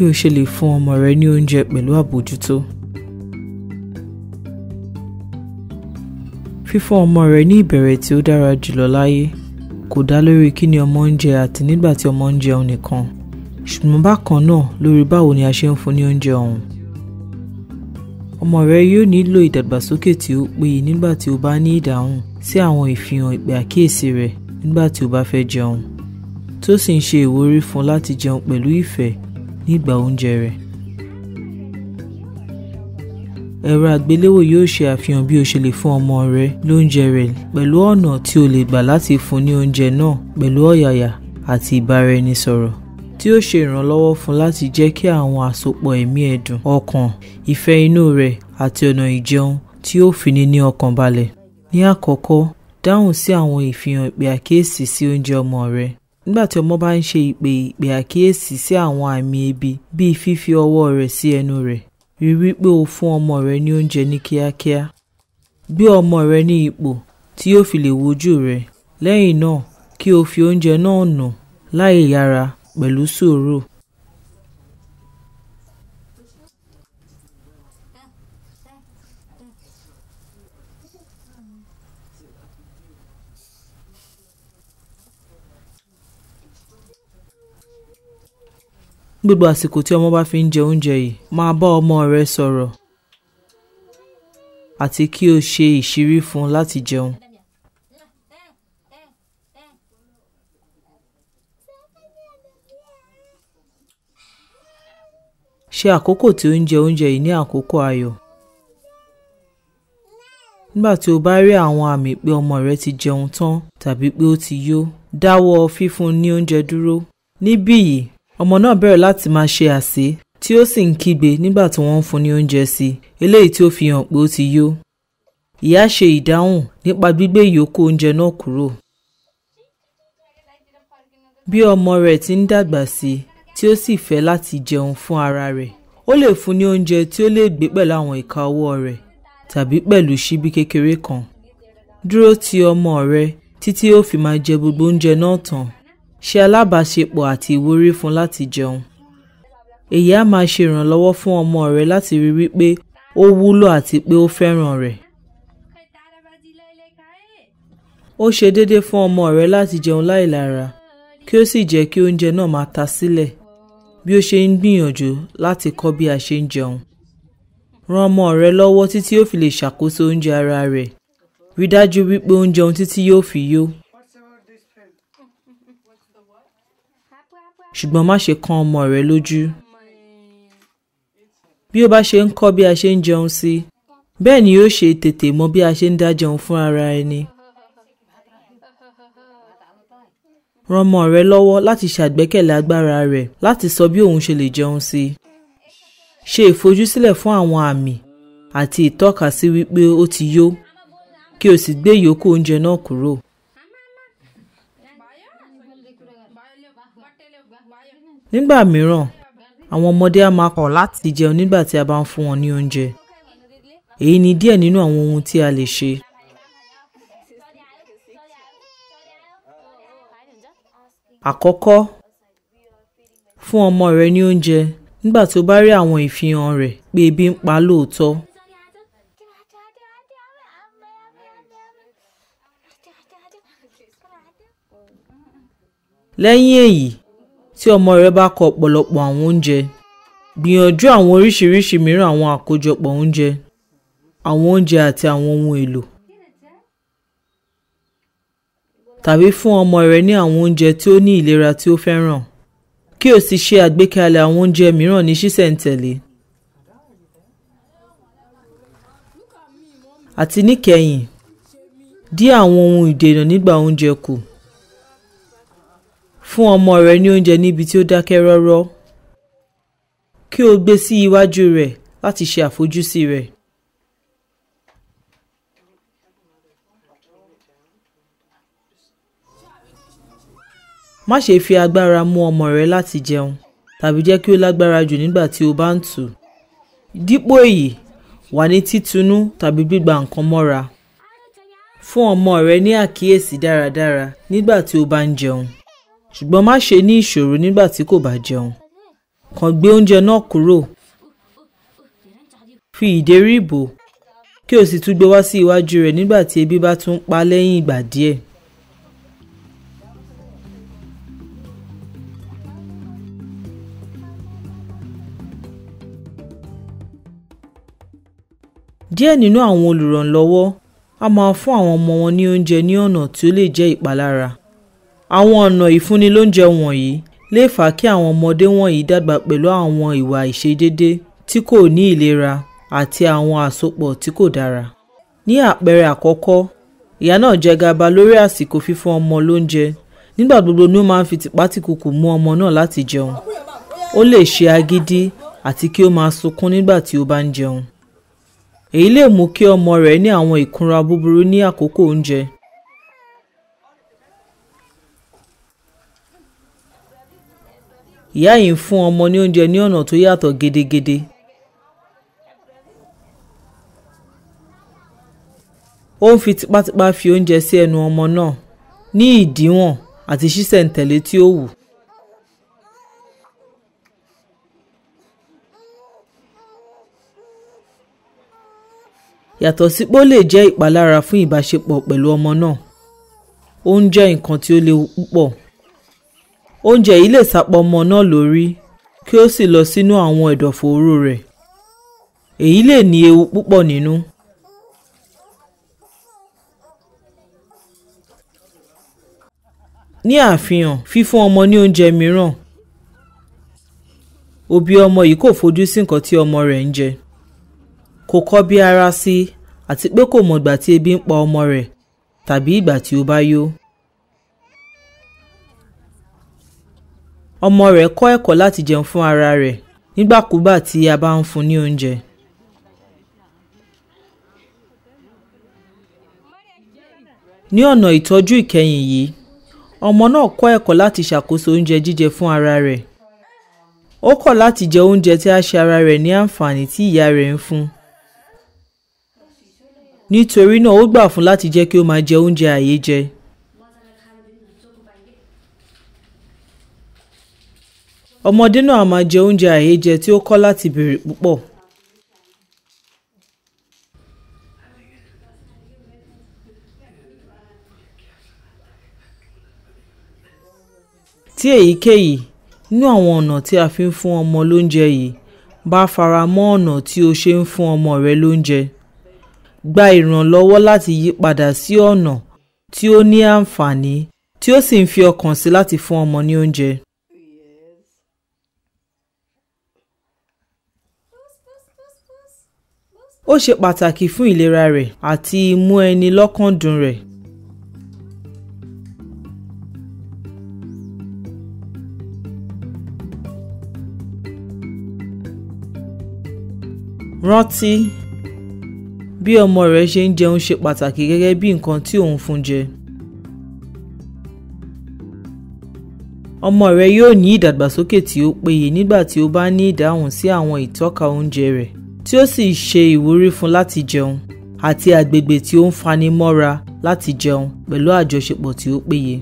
bí o ṣe lè fún ọmọ rẹ ní oúnjẹ pẹ̀lú àbójútó. fífún ọmọ rẹ ní ìbẹ̀rẹ̀ tí ó dára jùlọ láyé kò dá lórí kí ni ọmọ ń jẹ àti nígbà tí ọmọ ń jẹun nìkan ṣùgbọ́n bákan náà lórí báwo ni a ṣe ń fún ní oúnjẹ ọ̀hún. ọmọ rẹ yóò nílò ìdàgbàsókè tí ó péye nígbà tí o bá ní ìdáhùn sí àwọn ìfihàn ìpè àkíyèsí rẹ nígbà tí o bá fẹ́ jẹun tó sì ń ṣe ìwúrí fún láti jẹun pẹ̀lú ìfẹ́ nígbà oúnjẹ rẹ̀. ẹ̀rọ àgbéléwò yóò ṣe àfihàn bí o ṣe lè fún ọmọ rẹ lóúnjẹ rẹ̀ pẹ̀lú ọ̀nà tí o lè gbà láti fún ní oúnjẹ náà pẹ̀lú ọ̀yàyà àti ìbáraẹnisọ̀rọ̀ tí ó ṣe ìrànlọ́wọ́ fún láti jẹ́ kí àwọn àsopọ̀ ẹ̀mí ẹ̀dùn ọkàn ìfẹ́ inú rẹ̀ àti ọ̀nà ìjẹun tí ó fini ní ọkàn balẹ̀. ní àkọ́kọ́ dáhùn sí àwọn ìfihàn ìpè àkíyèsí sí oúnjẹ ọmọ rẹ nígbà tí ọmọ bá ń ṣe ìpè ìpè àkíyèsí sí àwọn àmì ebi bíi fífi ọwọ́ rẹ̀ sí ẹnu rẹ̀ rí wípé o fún ọmọ rẹ ní oúnjẹ ní kíákíá gbé ọmọ rẹ ní ipò tí yóò fi lè wojú rẹ lẹ́yìn náà kí o fi oúnjẹ náà nù láì yára pẹ̀lú sùúrù gbogbo àsìkò tí ọmọ bá fi ń jẹ oúnjẹ yìí máa bá ọmọ rẹ sọ̀rọ̀ àti kí o ṣe ìṣírí fún un láti jẹun. ṣe àkókò tí ó ń jẹ oúnjẹ yìí ní àkókò ayọ̀. nígbà tí o bá rí àwọn àmì pé ọmọ rẹ ti jẹun tán tàbí pé ó ti yó dáwọ́ fífún ní oúnjẹ dúró. níbí yìí ọmọ náà bẹ̀rẹ̀ láti máa ṣe àsè tí ó sì ń kígbe nígbà tí wọ́n ń fún ní oúnjẹ sí i eléyìí tí ó fi hàn pé ó ti yó ìyá ṣe ìdáhùn nípa gbígbé ìyókù oúnjẹ náà kúrò bí ọmọ rẹ̀ ti ń dàgbà sí i tí ó sì fẹ́ láti jẹun fún ara rẹ̀ ó lè fún ní oúnjẹ tí ó lè gbé pẹ̀lú àwọn ìka ọwọ́ rẹ̀ tàbí pẹ̀lú ṣíbí kékeré kan dúró ti ọmọ rẹ títí ó fi máa jẹ gbogbo oúnjẹ náà tán ṣe alábàáṣepọ̀ àti ìwúrí fún láti jẹun. èyí á máa ṣe ìrànlọ́wọ́ fún ọmọ rẹ láti rí wípé ó wúlò àti pé ó fẹ́ràn rẹ̀. ó ṣe déédéé fún ọmọ rẹ láti jẹun láìlára kí ó sì jẹ́ kí oúnjẹ náà máa ta sílẹ̀ bí ó ṣe ń gbìyànjú láti kọ́ bí a ṣe ń jẹun. ran ọmọ rẹ lọ́wọ́ títí yóò fi lè ṣàkóso oúnjẹ ara rẹ̀ rí dájú wípé ó ń títí yóò fi yó. ṣùgbọ́n má ṣe kan ọmọ rẹ lójú. bí ó bá ṣe ń kọ́ bí a ṣe ń jẹun sí bẹ́ẹ̀ ni yóò ṣe tètè mọ bí a ṣe ń dá jẹun fún ara ẹni. ran ọmọ rẹ lọ́wọ́ láti ṣàgbékalẹ̀ agbára rẹ̀ láti sọ bí òun ṣe lè jẹun sí. ṣe ìfojúsílẹ̀ fún àwọn àmì àti ìtọ́kasí wípé ó ti yó kí o sì gbé ìyókù oúnjẹ náà kúrò. Nígbà mìíràn, àwọn ọmọdé á máa kọ̀ láti jẹun nígbà tí a bá ń fún wọn ní oúnjẹ. Èyí ni díẹ̀ nínú àwọn ohun tí a lè ṣe. Àkọ́kọ́, fún ọmọ rẹ ní oúnjẹ nígbà tí o bá rí àwọn ìfihàn rẹ̀ pé ebi ń pa lóòótọ́. lẹ́yìn èyí tí ọmọ rẹ bá kọ ọ̀pọ̀lọpọ̀ àwọn oúnjẹ gbìyànjú àwọn oríṣiríṣi mìíràn àwọn àkójọpọ̀ oúnjẹ àwọn oúnjẹ àti àwọn ohun èlò tàbí fún ọmọ rẹ ní àwọn oúnjẹ tí ó ní ìlera tí ó fẹ́ràn kí o sì ṣe àgbékalẹ̀ àwọn oúnjẹ mìíràn ní ṣísẹ̀ntẹ̀lé àti níkẹyìn dí àwọn ohun ìdènà nígbà oúnjẹ kù fún ọmọ rẹ ní oúnjẹ níbi tí ó dákẹ́ rọ́rọ́ kí o gbé sí iwájú rẹ̀ láti ṣe àfojúsí rẹ̀. má ṣe fi agbára mú ọmọ rẹ láti jẹun tàbí jẹ́ kí ó lágbára jù nígbà tí o bá ń tù. dípò èyí wà ní títunú tàbí gbígba nǹkan mọ́ra. fún ọmọ rẹ ní àkíyèsí dáradára nígbà tí o bá ń jẹun ṣùgbọ́n má ṣe ní ìṣòro nígbà tí kò bá jẹun kàn gbé oúnjẹ náà kúrò fi ìdérí bò kí o sì tún gbé wá sí iwájú rẹ̀ nígbà tí ebi bá tún pa lẹ́yìn ìgbà díẹ̀. díẹ̀ nínú àwọn olùrànlọ́wọ́ a máa fún àwọn ọmọ wọn ní oúnjẹ ní ọ̀nà tí ó lè jẹ́ ìpalára àwọn ọ̀nà ìfúnnilóúnjẹ wọ̀nyí lè fà kí àwọn ọmọdé wọ̀nyí dàgbà pẹ̀lú àwọn ìwà àìṣedéédé tí kò ní ìlera àti àwọn àsopọ̀ tí kò dára. ní àpẹẹrẹ àkọ́kọ́ ìyá náà jẹ gàba lórí àsìkò fífún ọmọ lóúnjẹ nígbà gbogbo ni ó máa ń fi tìpátìkùkù mú ọmọ náà láti jẹun ó lè ṣe agídí àti kí ó máa sunkún nígbà tí ó bá ń jẹun èyí lè mú kí ọmọ rẹ̀ ní àwọn ìkunra búburú ní àkókò oúnjẹ ìyá yìí ń fún ọmọ ní oúnjẹ ní ọ̀nà tó yàtọ̀ gedegede. ó ń fi tipátipá fi oúnjẹ sí ẹnu ọmọ náà ní ìdíwọ̀n àti ṣísẹ̀ntẹ̀lé tí ó wù. yàtọ̀ sí pé ó lè jẹ́ ìpalára fún ìbáṣepọ̀ pẹ̀lú ọmọ náà ó ń jẹ́ nǹkan tí ó léwu púpọ̀ oúnjẹ yìí lè sápọ̀ ọmọ náà lórí kí ó sì lọ sínú àwọn ẹ̀dọ̀fóró rẹ̀ èyí lè ní ewu púpọ̀ nínú. ní àfihàn fífún ọmọ ní oúnjẹ mìíràn òbí ọmọ yìí kò fojú sí nǹkan tí ọmọ rẹ̀ ń jẹ kò kọ́ bí ara sí àti pé kò mọ̀gbà tí ebi ń pa ọmọ rẹ̀ tàbí ìgbà tí ó bá yó. ọmọ rẹ̀ kọ́ ẹ̀kọ́ láti jẹun fún ara rẹ̀ nígbàkúgbà tí a bá ń fún ní oúnjẹ. ní ọ̀nà ìtọ́jú ìkẹyìn yìí ọmọ náà kọ́ ẹ̀kọ́ láti ṣàkóso oúnjẹ jíjẹ fún ara rẹ̀ ó kọ̀ láti jẹ oúnjẹ tí a ṣe ara rẹ̀ ní àǹfààní tí ìyá rẹ̀ ń fún nítorí náà ó gbà fún láti jẹ́ kí ó máa jẹ oúnjẹ àyè jẹ. ọmọdé náà máa jẹ oúnjẹ àìyéjẹ tí ó kọ́ láti béèrè púpọ̀. tí èyíkéyìí nínú àwọn ọ̀nà tí a fi ń fún ọmọ lóúnjẹ yìí bá fara mọ́ ọ̀nà tí o ṣe ń fún ọmọ rẹ lóúnjẹ gba ìrànlọ́wọ́ láti yí padà sí ọ̀nà tí ó ní àǹfààní tí ó sì ń fi ọkàn sí láti fún ọmọ ní oúnjẹ. ó ṣe pàtàkì fún ìlera rẹ̀ àti mú ẹni lọ́kàn dùn rẹ̀. rántí bí ọmọ rẹ ṣe ń jẹun ṣe pàtàkì gẹ́gẹ́ bí nǹkan tí òun fún jẹ. ọmọ rẹ yóò ní ìdàgbàsókè tí ó péye nígbà tí ó bá ní ìdáhùn sí àwọn ìtọ́ka oúnjẹ rẹ̀ tí ó sì ṣe ìwúrí fún láti jẹun àti agbègbè tí ó ń fani mọ́ra láti jẹun pẹ̀lú àjọṣepọ̀ tí ó péye.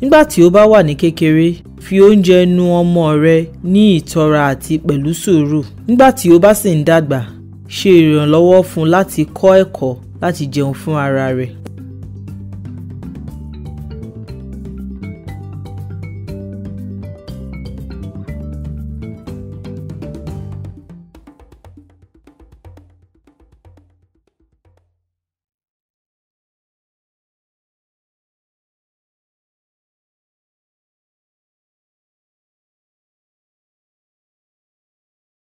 nígbà tí ó bá wà ní kékeré fi oúnjẹ nu ọmọ rẹ ní ìtọ́ra àti pẹ̀lú sùúrù nígbà tí ó bá sì ń dàgbà ṣe ìrànlọ́wọ́ fún láti kọ́ ẹ̀kọ́ láti jẹun fún ara rẹ̀.